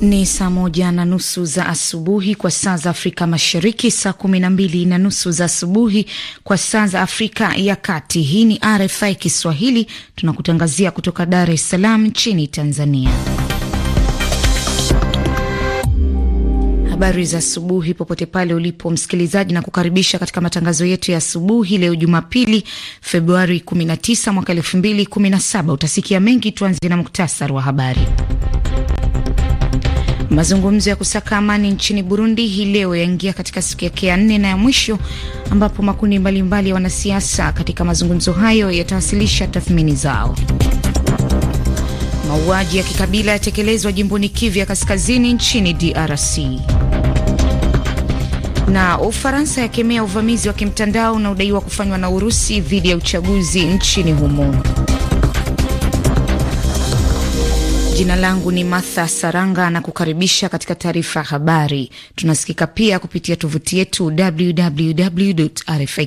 Ni saa moja na nusu za asubuhi kwa saa za Afrika Mashariki, saa kumi na mbili na nusu za asubuhi kwa saa za Afrika ya Kati. Hii ni RFI Kiswahili, tunakutangazia kutoka Dar es Salaam nchini Tanzania. Habari za asubuhi popote pale ulipo msikilizaji, na kukaribisha katika matangazo yetu ya asubuhi leo Jumapili, Februari 19 mwaka 2017. Utasikia mengi, tuanze na muktasari wa habari. Mazungumzo ya kusaka amani nchini Burundi hii leo yaingia katika siku yake ya nne na ya mwisho, ambapo makundi mbalimbali ya wanasiasa katika mazungumzo hayo yatawasilisha tathmini zao. Mauaji ya kikabila yatekelezwa jimboni Kivu ya kaskazini nchini DRC. Na Ufaransa yakemea uvamizi wa kimtandao unaodaiwa kufanywa na Urusi dhidi ya uchaguzi nchini humo. Jina langu ni Martha Saranga na kukaribisha katika taarifa ya habari. Tunasikika pia kupitia tovuti yetu www rfi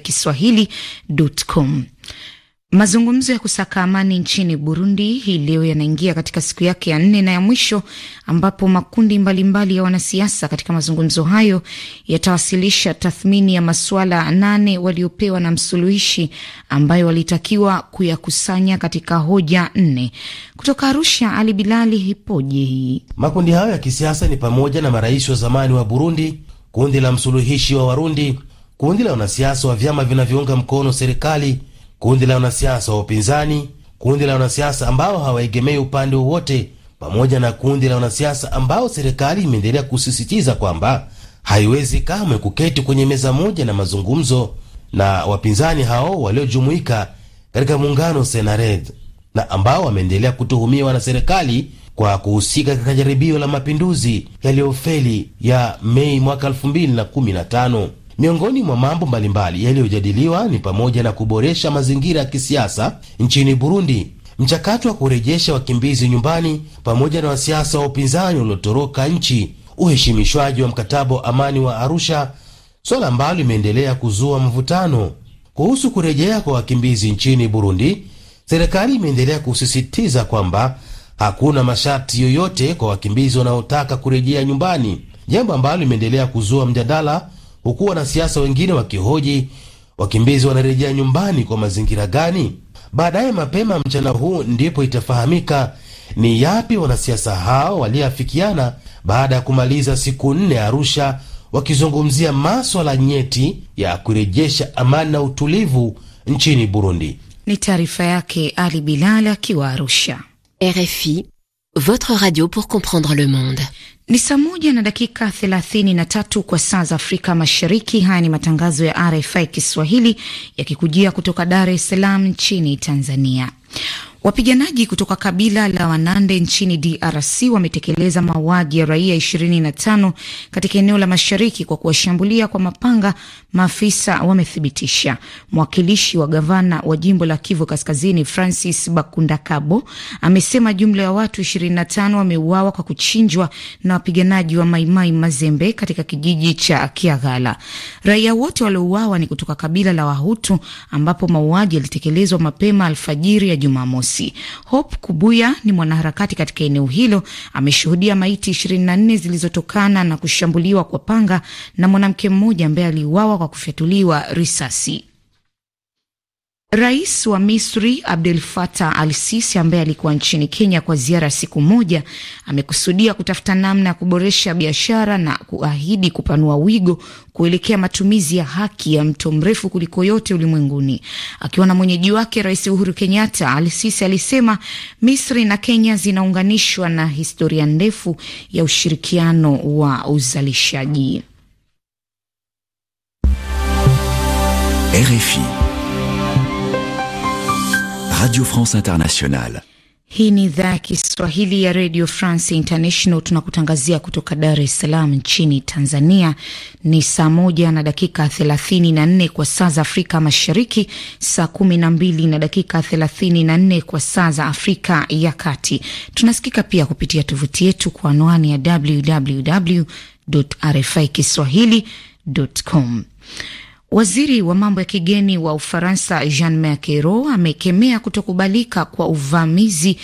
Mazungumzo ya kusaka amani nchini Burundi hii leo yanaingia katika siku yake ya nne na ya mwisho, ambapo makundi mbalimbali mbali ya wanasiasa katika mazungumzo hayo yatawasilisha tathmini ya masuala nane waliopewa na msuluhishi, ambayo walitakiwa kuyakusanya katika hoja nne. Kutoka Arusha, Ali Bilali, hipoje hii? Makundi hayo ya kisiasa ni pamoja na marais wa zamani wa Burundi, kundi la msuluhishi wa Warundi, kundi la wanasiasa wa vyama vinavyounga mkono serikali kundi la wanasiasa wa upinzani, kundi la wanasiasa ambao hawaegemei upande wowote, pamoja na kundi la wanasiasa ambao serikali imeendelea kusisitiza kwamba haiwezi kamwe kuketi kwenye meza moja na mazungumzo na wapinzani hao waliojumuika katika muungano Senared na ambao wameendelea kutuhumiwa na serikali kwa kuhusika katika jaribio la mapinduzi yaliyofeli ya Mei mwaka 2015. Miongoni mwa mambo mbalimbali yaliyojadiliwa ni pamoja na kuboresha mazingira ya kisiasa nchini Burundi, mchakato wa kurejesha wakimbizi nyumbani, pamoja na wasiasa wa upinzani waliotoroka nchi, uheshimishwaji wa mkataba wa amani wa Arusha, swala ambalo imeendelea kuzua mvutano. Kuhusu kurejea kwa wakimbizi nchini Burundi, serikali imeendelea kusisitiza kwamba hakuna masharti yoyote kwa wakimbizi wanaotaka kurejea nyumbani, jambo ambalo limeendelea kuzua mjadala huku wanasiasa wengine wakihoji wakimbizi wanarejea nyumbani kwa mazingira gani. Baadaye mapema mchana huu ndipo itafahamika ni yapi wanasiasa hao waliyeafikiana baada ya kumaliza siku nne Arusha wakizungumzia maswala nyeti ya kurejesha amani na utulivu nchini Burundi. Ni taarifa yake Ali Bilal akiwa Arusha, RFI, votre radio pour comprendre le monde. Ni saa moja na dakika 33 kwa saa za Afrika Mashariki. Haya ni matangazo ya RFI Kiswahili yakikujia kutoka Dar es Salaam nchini Tanzania. Wapiganaji kutoka kabila la Wanande nchini DRC wametekeleza mauaji ya raia 25 katika eneo la mashariki kwa kuwashambulia kwa mapanga, maafisa wamethibitisha. Mwakilishi wa gavana wa jimbo la Kivu Kaskazini, Francis Bakundakabo, amesema jumla ya watu 25 wameuawa kwa kuchinjwa na wapiganaji wa Maimai Mazembe katika kijiji cha kiaghala Raia wote waliouawa ni kutoka kabila la Wahutu, ambapo mauaji yalitekelezwa mapema alfajiri ya Jumamosi. Alhamisi. Hope Kubuya ni mwanaharakati katika eneo hilo, ameshuhudia maiti 24 zilizotokana na kushambuliwa kwa panga na mwanamke mmoja ambaye aliuawa kwa kufyatuliwa risasi. Rais wa Misri Abdel Fattah Al Sisi, ambaye alikuwa nchini Kenya kwa ziara ya siku moja, amekusudia kutafuta namna ya kuboresha biashara na kuahidi kupanua wigo kuelekea matumizi ya haki ya mto mrefu kuliko yote ulimwenguni. Akiwa na mwenyeji wake Rais Uhuru Kenyatta, Al Sisi alisema Misri na Kenya zinaunganishwa na historia ndefu ya ushirikiano wa uzalishaji. RFI Radio France Internationale. Hii ni idhaa ya Kiswahili ya Radio France International. Tunakutangazia kutoka Dar es Salaam nchini Tanzania. Ni saa moja na dakika 34 kwa saa za Afrika Mashariki, saa 12 na dakika 34 kwa saa za Afrika ya Kati. Tunasikika pia kupitia tovuti yetu kwa anwani ya www rfi kiswahili com Waziri wa mambo ya kigeni wa Ufaransa Jean Marc amekemea kutokubalika kwa uvamizi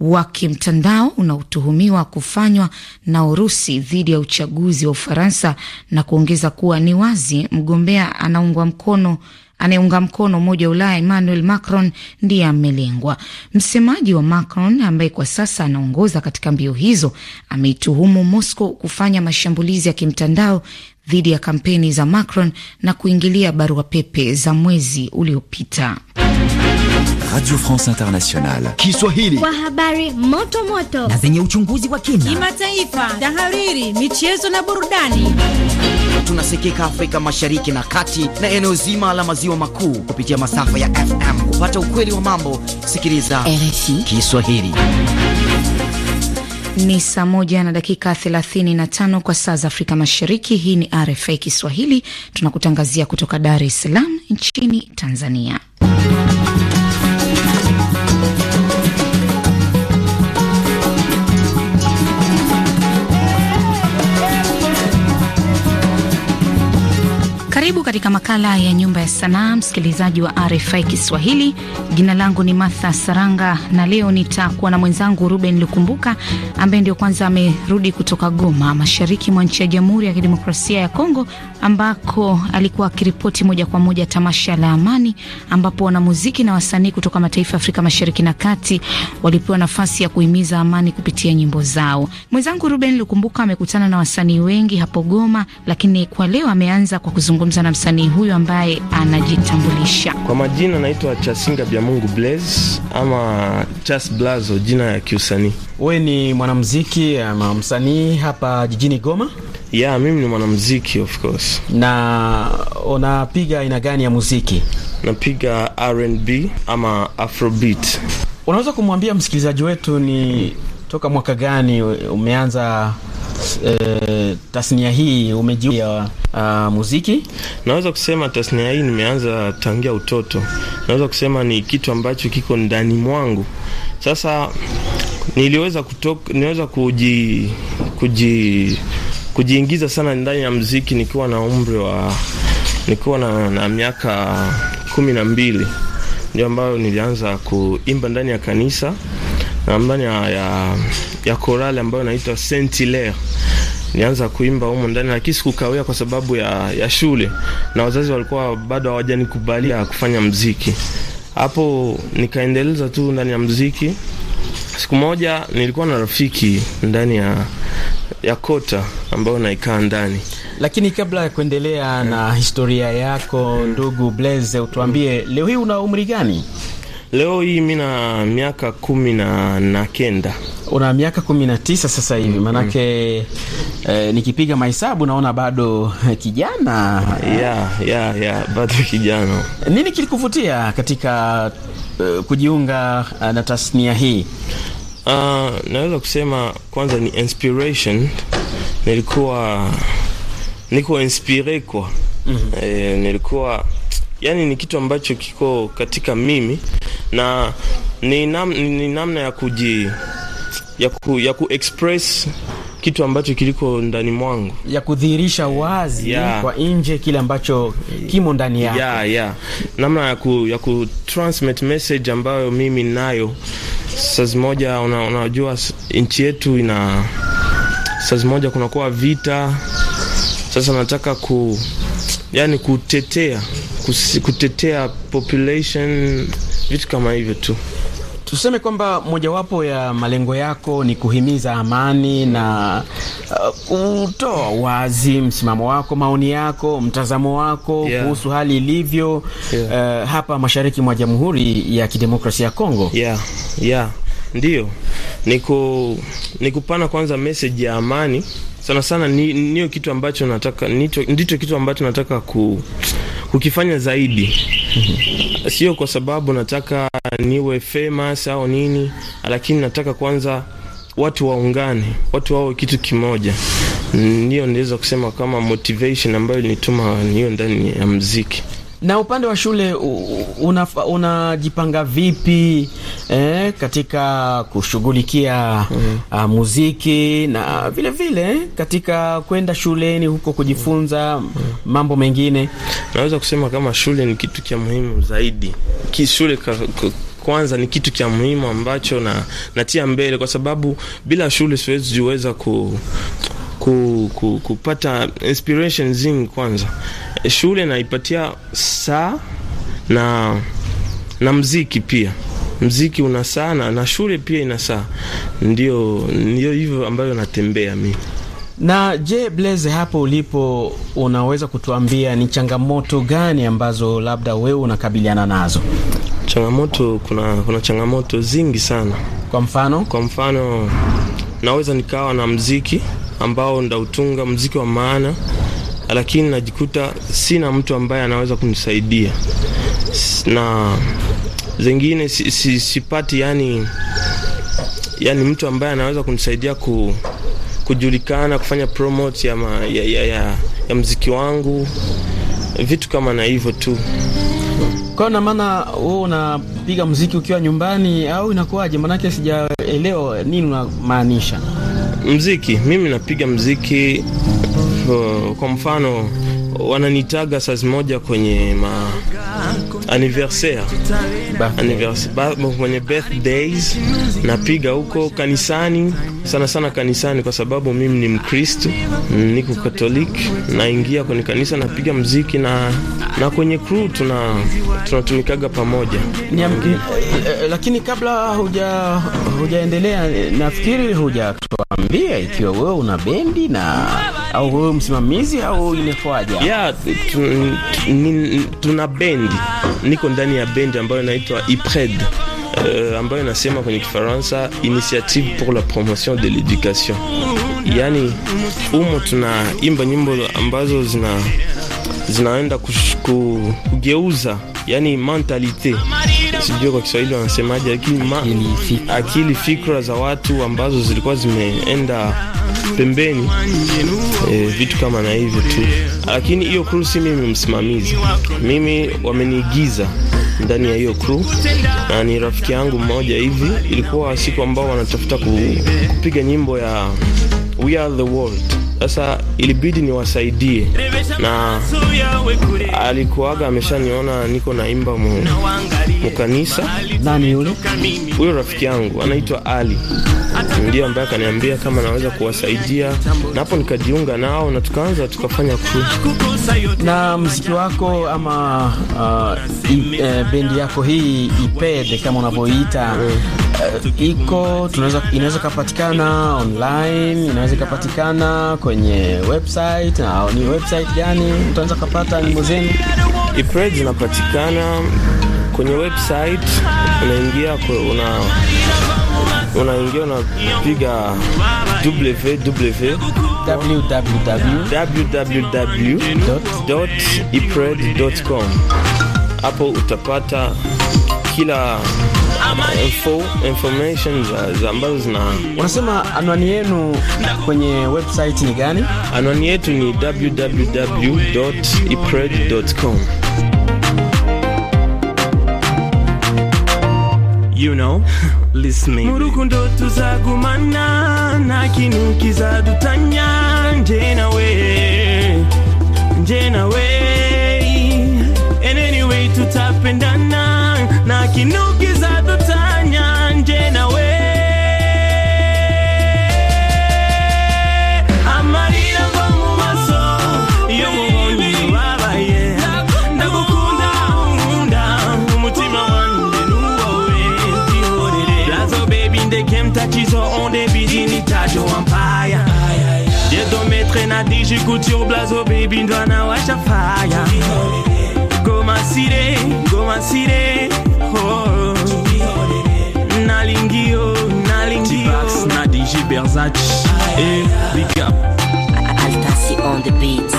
wa kimtandao unaotuhumiwa kufanywa na Urusi dhidi ya uchaguzi wa Ufaransa na kuongeza kuwa ni wazi mgombea anaungwa mkono anayeunga mkono Umoja wa Ulaya Emmanuel Macron ndiye amelengwa. Msemaji wa Macron ambaye kwa sasa anaongoza katika mbio hizo ameituhumu Moscow kufanya mashambulizi ya kimtandao dhidi ya kampeni za Macron na kuingilia barua pepe za mwezi uliopita. Radio France Internationale Kiswahili, kwa habari moto moto na zenye uchunguzi wa kina, kimataifa, tahariri, michezo na burudani. Tunasikika Afrika Mashariki na Kati na eneo zima la maziwa makuu kupitia masafa ya FM. Kupata ukweli wa mambo, sikiliza RFI Kiswahili. Ni saa moja na dakika 35 kwa saa za Afrika Mashariki. Hii ni RFI Kiswahili, tunakutangazia kutoka Dar es Salaam nchini Tanzania. Karibu katika makala ya nyumba ya sanaa, msikilizaji wa RFI Kiswahili. Jina langu ni Martha Saranga na leo nitakuwa na mwenzangu Ruben Lukumbuka ambaye ndio kwanza amerudi kutoka Goma, mashariki mwa nchi ya Jamhuri ya Kidemokrasia ya Kongo, ambako alikuwa akiripoti moja kwa moja tamasha la Amani, ambapo wanamuziki na wasanii kutoka mataifa ya Afrika Mashariki na Kati walipewa nafasi ya kuhimiza amani kupitia nyimbo zao. Mwenzangu Ruben Lukumbuka amekutana na wasanii wengi hapo Goma, lakini kwa leo ameanza kwa kuzungumza kuzungumza na msanii huyu ambaye anajitambulisha kwa majina. Naitwa Chasinga Bya Mungu Blaze ama Chas Blazo, jina ya kiusanii. Wewe ni mwanamuziki ama msanii hapa jijini Goma? Ya yeah, mimi ni mwanamuziki of course. Na unapiga aina gani ya muziki? Napiga R&B ama Afrobeat. Unaweza kumwambia msikilizaji wetu ni toka mwaka gani umeanza Eh, tasnia hii umejiunga ya ah, muziki? Naweza kusema tasnia hii nimeanza tangia utoto, naweza kusema ni kitu ambacho kiko ndani mwangu. Sasa niliweza kutoka, niweza kuji, kuji kujiingiza sana ndani ya mziki nikiwa na umri wa nikiwa na, na miaka kumi na mbili ndio ambayo nilianza kuimba ndani ya kanisa na ndani ya, ya, ya korale ambayo inaitwa Saint Hilaire. Nianza kuimba humo ndani, lakini sikukawia kwa sababu ya, ya shule na wazazi walikuwa bado hawajanikubalia kufanya mziki. Hapo nikaendeleza tu ndani ya mziki. Siku moja nilikuwa na rafiki ndani ya ya kota ambayo naikaa ndani. Lakini kabla ya kuendelea mm. na historia yako ndugu Blaze, utuambie mm. leo hii una umri gani? Leo hii mi na miaka kumi na kenda. Una miaka kumi na tisa sasa hivi maanake, mm -hmm. eh, nikipiga mahesabu naona bado eh, kijana. yeah, yeah, yeah, bado kijana. Nini kilikuvutia katika uh, kujiunga uh, na tasnia hii? Uh, naweza kusema kwanza ni inspiration. Nilikuwa niko inspire kwa mm -hmm. eh, nilikuwa yani ni kitu ambacho kiko katika mimi na ni, nam, ni namna ya kuji ya, ku, ya ku express kitu ambacho kiliko ndani mwangu ya kudhihirisha wazi yeah. kwa nje kile ambacho kimo ndani yako yeah, yeah. namna ya ku, ya ku transmit message ambayo mimi nayo sazi moja una, unajua nchi yetu ina sazi moja kunakuwa vita sasa nataka ku yani kutetea kusi, kutetea population, vitu kama hivyo tu. Tuseme kwamba mojawapo ya malengo yako ni kuhimiza amani na kutoa uh, wazi msimamo wako, maoni yako, mtazamo wako yeah, kuhusu hali ilivyo yeah, uh, hapa mashariki mwa Jamhuri ya Kidemokrasia ya Kongo yeah, yeah. Ndiyo, ni kupana kwanza message ya amani sana sana, niyo kitu ambacho nataka, ndicho kitu ambacho nataka ku kukifanya zaidi, sio kwa sababu nataka niwe famous au nini, lakini nataka kwanza watu waungane, watu wawe kitu kimoja. Ndiyo niweza kusema kama motivation ambayo ilinituma niyo ndani ya mziki. Na upande wa shule unajipanga una vipi eh, katika kushughulikia mm -hmm. uh, muziki na vile vile eh, katika kwenda shuleni huko kujifunza mm -hmm. mambo mengine? Naweza kusema kama shule ni kitu cha muhimu zaidi ki shule ka, ka, kwanza ni kitu cha muhimu ambacho na natia mbele kwa sababu bila shule siwezi kuweza ku ku, ku, kupata inspiration zingi. Kwanza e, shule naipatia saa na na mziki pia mziki una saa na shule pia ina saa, ndio ndio hivyo ambayo natembea mimi. Na je, Blaise, hapo ulipo unaweza kutuambia ni changamoto gani ambazo labda wewe unakabiliana nazo? Changamoto, kuna kuna changamoto zingi sana. Kwa mfano, kwa mfano naweza nikawa na mziki ambao ndautunga mziki wa maana, lakini najikuta sina mtu ambaye anaweza kunisaidia na zengine si, si, sipati yani, yani mtu ambaye anaweza kunisaidia ku, kujulikana kufanya promote ya, ma, ya, ya, ya, ya mziki wangu vitu kama na hivyo tu. Kwa na maana wewe unapiga mziki ukiwa nyumbani au inakuwaje? Maanake sijaelewa nini unamaanisha. Mziki, mimi napiga mziki uh, kwa mfano wananitaga saa moja kwenye ma anniversaire anniversaire kwenye birthdays napiga huko kanisani, sana sana kanisani, kwa sababu mimi ni Mkristo, niko Katoliki. Naingia kwenye kanisa napiga mziki na na kwenye crew tuna tunatumikaga pamoja Niamke, eh, eh, lakini kabla huja hujaendelea, nafikiri hujatuambia ikiwa wewe una bendi na au wewe msimamizi au inakuwaje? Yeah, tuna bendi, niko ndani ya bendi ambayo inaitwa IPRED. Uh, eh, ambayo inasema kwenye Kifaransa initiative pour la promotion de l'education. yani umo tunaimba nyimbo ambazo zina zinaenda kugeuza yani mentalite, sijui kwa Kiswahili wanasemaje, lakini akili fikra za watu ambazo zilikuwa zimeenda pembeni e, vitu kama na hivyo tu. Lakini hiyo crew si mimi msimamizi, mimi wameniigiza ndani ya hiyo crew na ni rafiki yangu mmoja hivi. Ilikuwa siku ambao wanatafuta kupiga nyimbo ya We Are The World sasa ilibidi niwasaidie, na alikuwaga ameshaniona niko naimba mu, mu Nani yule? Huyo rafiki yangu anaitwa Ali, ndiyo ambaye akaniambia kama naweza kuwasaidia, na hapo nikajiunga nao na tukaanza tukafanya kuu. Na mziki wako ama uh, i, uh, bendi yako hii Ipede kama unavyoiita mm uh, iko tunaweza, inaweza ikapatikana online, inaweza ikapatikana kwenye website. Na ni website gani utaweza kupata nyimbo zenu? ipred zinapatikana kwenye website, unaingia una unaingia unapiga www.ipred.com, hapo utapata kila info, information za, ambazo zina. Unasema anwani yenu kwenye website ni gani? Anwani yetu ni www.ipred.com. You know, listening. Murukundo tuzagumana na kinukiza dutanya nje we nje we and anyway tutapendana na kinukiza j'écoute your blazo baby ndo anawasha fire Goma sire, Goma City oh. Nalingio, Nalingio T-Bax, Nadi J Versace Eh, big up Altasi on the beat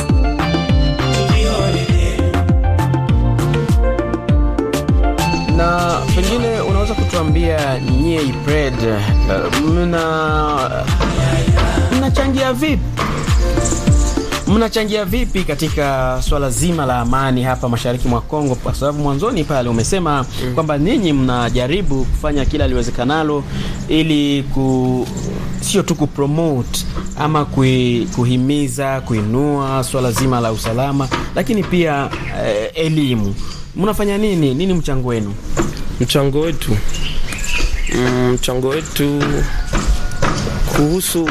na pengine unaweza kutuambia nyie Ipred eh, mna mnachangia vipi mnachangia vipi katika swala zima la amani hapa mashariki mwa Kongo? Kwa sababu mwanzoni pale umesema mm. kwamba ninyi mnajaribu kufanya kila liwezekanalo ili ku sio tu kupromote ama kui, kuhimiza kuinua swala zima la usalama, lakini pia eh, elimu. Mnafanya nini? Nini mchango wenu? Mchango wetu, mm, mchango wetu kuhusu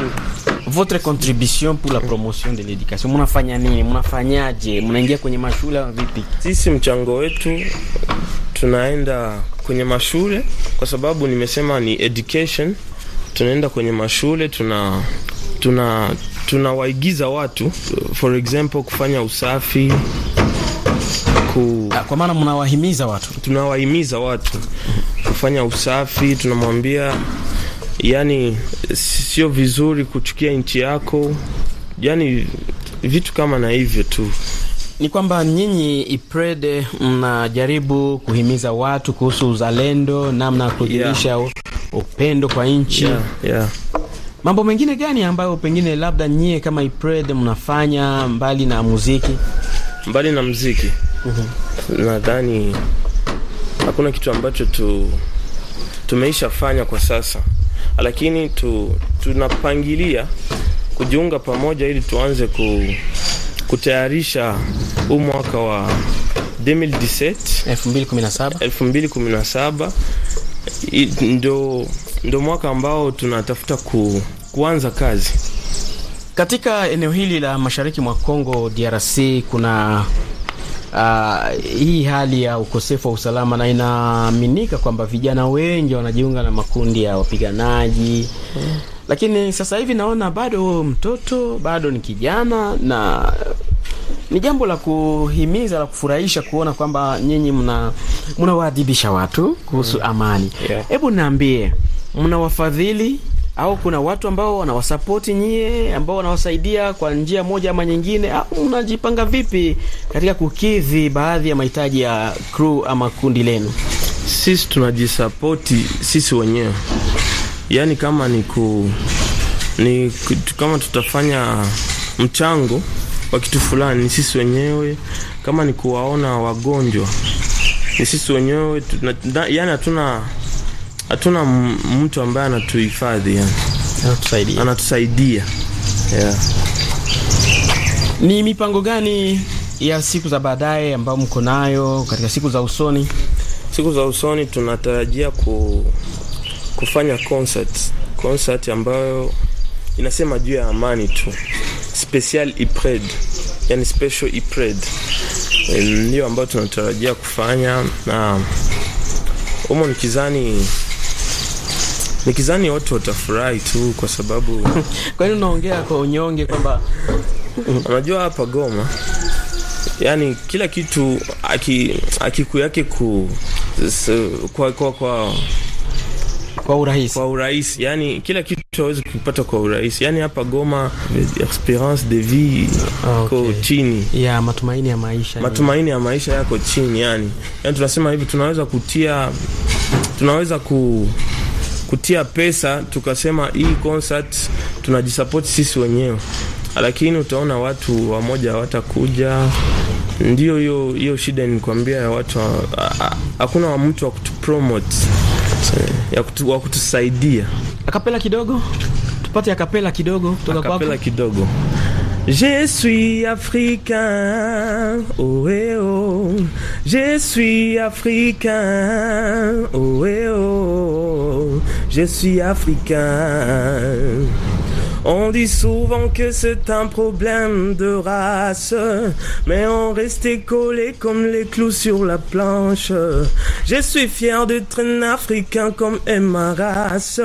votre contribution pour la promotion de l'éducation mnafanya nini? Mnafanyaje? mnaingia kwenye mashule vipi? Sisi mchango wetu tunaenda kwenye mashule, kwa sababu nimesema ni education. Tunaenda kwenye mashule tuna tuna tunawaigiza watu, for example, kufanya usafi ku... Ah, kwa maana mnawahimiza watu, tunawahimiza watu kufanya usafi, tunamwambia yani sio vizuri kuchukia nchi yako, yani vitu kama na hivyo tu. Ni kwamba nyinyi Iprede mnajaribu kuhimiza watu kuhusu uzalendo, namna ya kujirisha yeah. upendo kwa nchi yeah, yeah. Mambo mengine gani ambayo pengine labda nyie kama Iprede mnafanya mbali na muziki? Mbali na muziki mm-hmm. nadhani hakuna kitu ambacho tu fanya kwa sasa lakini tu, tunapangilia kujiunga pamoja ili tuanze ku, kutayarisha huu mwaka wa 2017 2017 ndo, ndo mwaka ambao tunatafuta ku, kuanza kazi katika eneo hili la mashariki mwa Kongo DRC kuna uh, hii hali ya ukosefu wa usalama, na inaaminika kwamba vijana wengi wanajiunga na makundi ya wapiganaji mm. Lakini sasa hivi naona bado mtoto bado ni kijana na ni jambo la kuhimiza la kufurahisha kuona kwamba nyinyi mna mnawaadhibisha watu kuhusu mm. amani. Hebu yeah. Naambie mnawafadhili au kuna watu ambao wanawasapoti nyie, ambao wanawasaidia kwa njia moja ama nyingine, au unajipanga vipi katika kukidhi baadhi ya mahitaji ya crew ama kundi lenu? Sisi tunajisapoti sisi wenyewe, yaani kama ni ku ni kama tutafanya mchango wa kitu fulani ni sisi wenyewe, kama ni kuwaona wagonjwa ni sisi wenyewe, yaani hatuna hatuna mtu ambaye anatuhifadhi Anatusaidia. Anatusaidia. Yeah. Ni mipango gani ya siku za baadaye ambayo mko nayo katika siku za usoni? Siku za usoni tunatarajia ku, kufanya concert. Concert ambayo inasema juu ya amani tu. Special Ipred. Yani special Ipred. Ndio ambayo tunatarajia kufanya na umo nikizani nikizani watu watafurahi tu kwa sababu kwa hiyo unaongea kwa unyonge kwamba unajua hapa Goma yani kila kitu aki, akiku yake ku, kwa, kwa, kwa kwa urahisi, kwa urahisi. Yani kila kitu hawezi kupata kwa urahisi. Yani hapa Goma experience de vie ah, okay. ko chini ya matumaini ya maisha, matumaini ya maisha yako chini yani, yani tunasema hivi tunaweza kutia tunaweza ku kutia pesa, tukasema hii concert tunajisupport sisi wenyewe, lakini utaona watu wamoja hawatakuja. Ndio hiyo hiyo shida nilikwambia ya watu, hakuna wa mtu wa kutupromote ya kutu, wa kutusaidia. Akapela kidogo tupate akapela kidogo kutoka kwako, akapela kidogo Je suis africain, oh eh Je suis africain, oh eh oh. Je suis africain. Oh, eh, oh. On dit souvent que c'est un problème de race, mais on restait collés comme les clous sur la planche. Je suis fier d'être un Africain comme est ma race.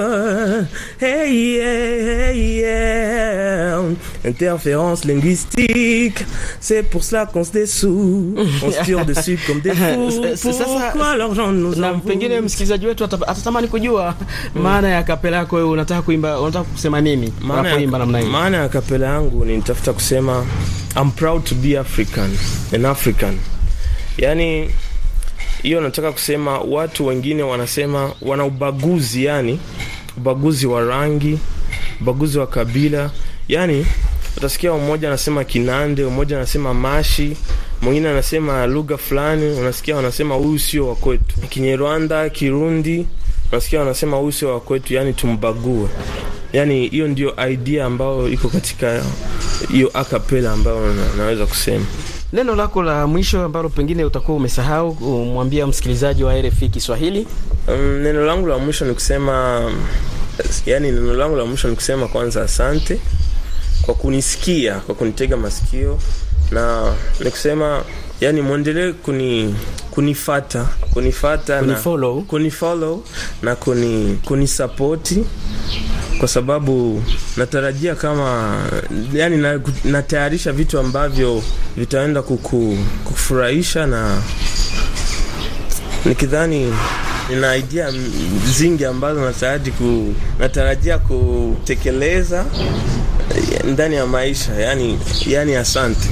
Hey, yeah, hey, yeah. Interférence linguistique, c'est pour cela qu'on se dessous, on se tire dessus comme des fous. Pourquoi l'argent nous a pengine msikilizaji wetu kujua hmm. maana ya kapela kuimba, kusema nini? kuimba namna hii? Maana ya kapela yangu ni nitafuta kusema I'm proud to be African, an African. Yaani hiyo nataka kusema watu wengine wanasema wana ubaguzi, yani ubaguzi wa rangi, ubaguzi wa kabila. Yani utasikia mmoja anasema Kinande, mmoja anasema Mashi, mwingine anasema lugha fulani, unasikia wanasema huyu sio wa kwetu. Kinyarwanda, Kirundi, unasikia wanasema huyu sio wa kwetu, yani tumbague yani hiyo ndio idea ambayo iko katika hiyo akapela ambayo na, naweza kusema neno lako la mwisho ambalo pengine utakuwa umesahau kumwambia msikilizaji wa RFI Kiswahili. Um, neno langu la mwisho ni kusema yani, neno langu la mwisho ni kusema kwanza, asante kwa kunisikia, kwa kunitega masikio na ni kusema yani, mwendelee kuni kunifata kunifata kuni na follow na kuni kunisapoti kwa sababu natarajia kama yani, natayarisha vitu ambavyo vitaenda kuku, kufurahisha na nikidhani nina idea zingi ambazo natarajia, ku, natarajia kutekeleza ndani ya maisha yani, yani asante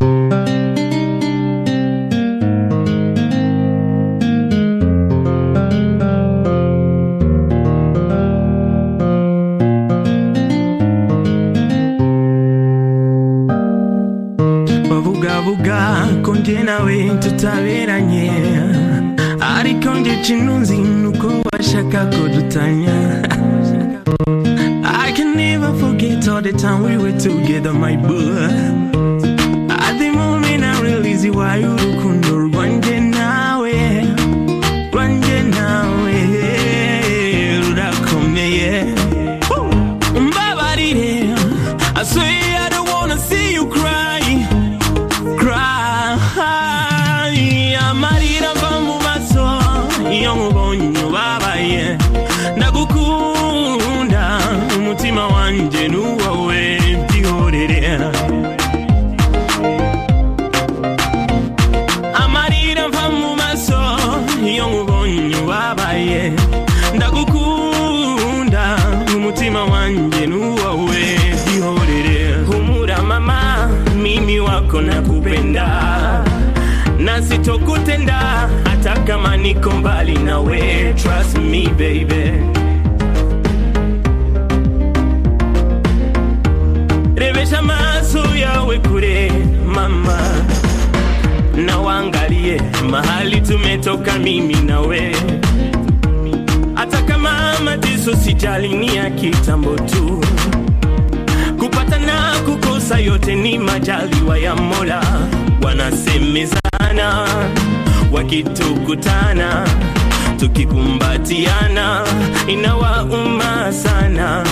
wow. ariko kinunzi washaka kudutanya I can never forget all the time we were together my boy At the moment I realize why you couldn't nowhere. Trust me, baby. Rebesha amaso yawe kure mama, na waangalie mahali tumetoka mimi na we. Hata kama mateso sijali, ni ya kitambo tu. Kupata na kukosa, yote ni majaliwa ya Mola, wanasemezana wakitukutana tukikumbatiana inawauma sana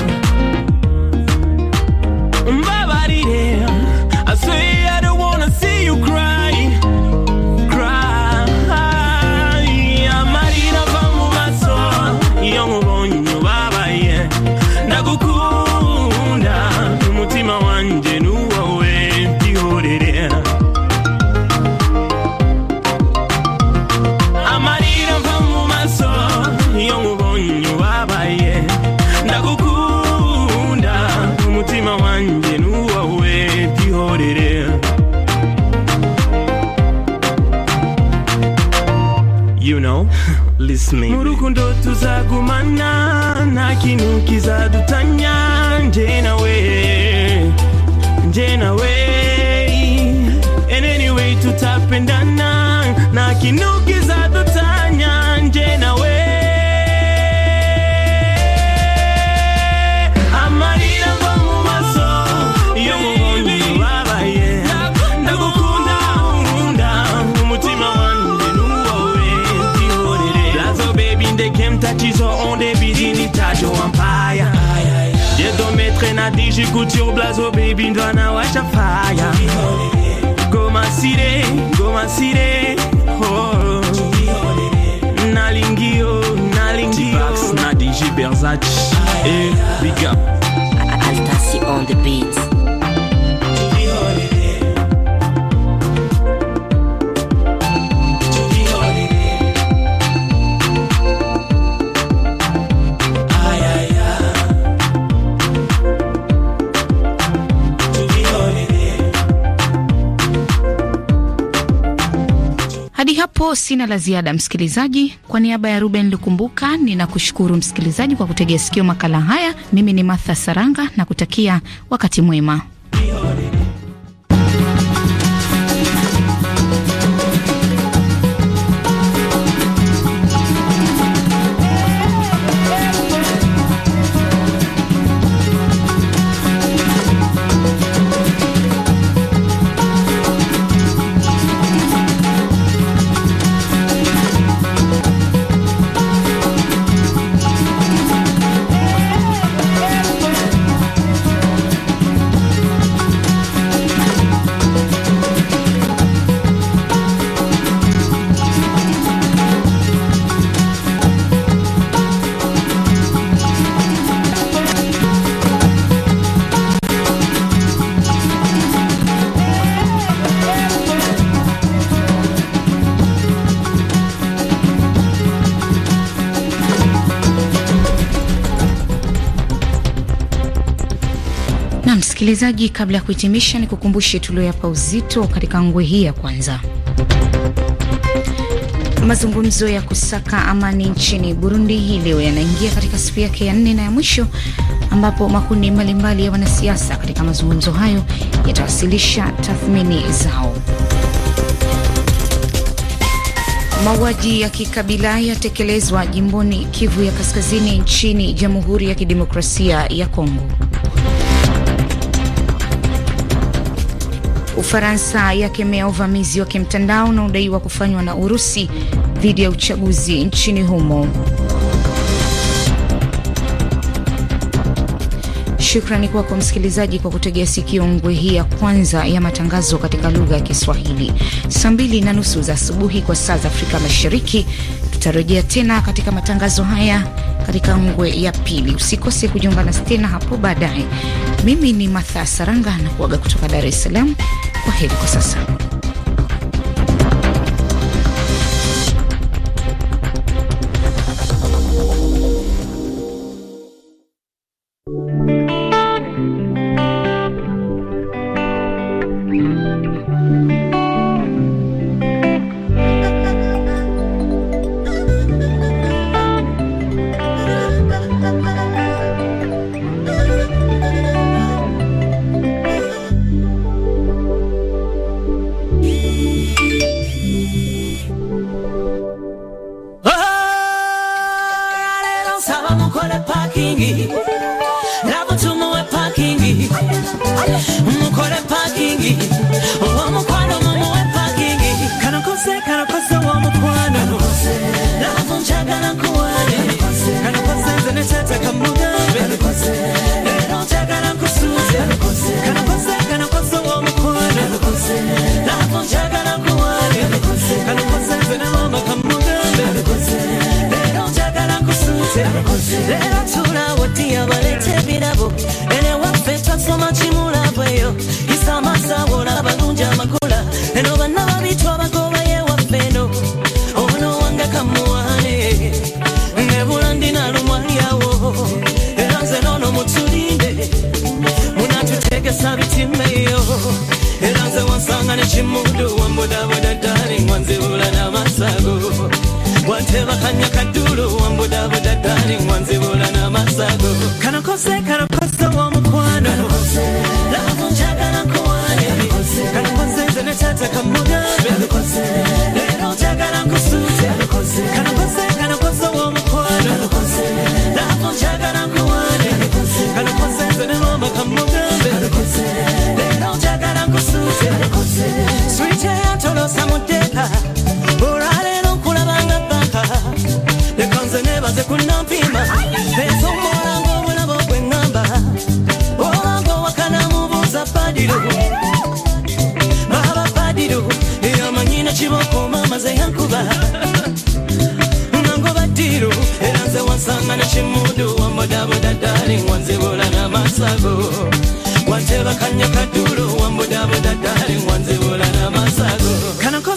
j'écoute sur Blazo, baby, gonna watch a fire. Go my city, go my city, oh. Nalingi, oh, nalingi, oh. Nadi, eh, big up. Alta, on the beats. Hadi hapo sina la ziada, msikilizaji. Kwa niaba ya Ruben Lukumbuka, ninakushukuru msikilizaji kwa kutegea sikio makala haya. Mimi ni Martha Saranga na kutakia wakati mwema. Msikilizaji, kabla ya kuhitimisha, ni kukumbushe tuliyoyapa uzito katika ngwe hii ya kwanza. Mazungumzo ya kusaka amani nchini Burundi hii leo yanaingia katika siku yake ya nne na ya mwisho, ambapo makundi mbalimbali ya wanasiasa katika mazungumzo hayo yatawasilisha tathmini zao. Mauaji ya kikabila yatekelezwa jimboni Kivu ya Kaskazini nchini Jamhuri ya Kidemokrasia ya Kongo. Ufaransa yakemea uvamizi wa kimtandao unaodaiwa kufanywa na Urusi dhidi ya uchaguzi nchini humo. Shukrani kwako msikilizaji kwa kutegea sikio ngwe hii ya kwanza ya matangazo katika lugha ya Kiswahili. Saa mbili na nusu za asubuhi kwa saa za Afrika Mashariki, tutarejea tena katika matangazo haya katika ngwe ya pili. Usikose kujiunga na tena hapo baadaye. Mimi ni Matha Saranga na kuaga kutoka Dar es Salaam. correr com essa samba. saba mukore pakingi rabo tumuwe pakingi mukore pakingi uwo mukwano mumuwe pakingi kanakose kanakose uwo mukwano navunjaga nakuwane kanakose nze necete kamugabe rero njaga nakusuze kanakose kanakose uwo mukwano navunjaga nakuwane kanakose zene mama kamugabe leero tulaawo tiya baleeta ebirabo ene waffe twasoma kimulabwe eyo yisa amaaso awola abalungi eno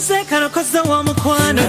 世から風を向くわね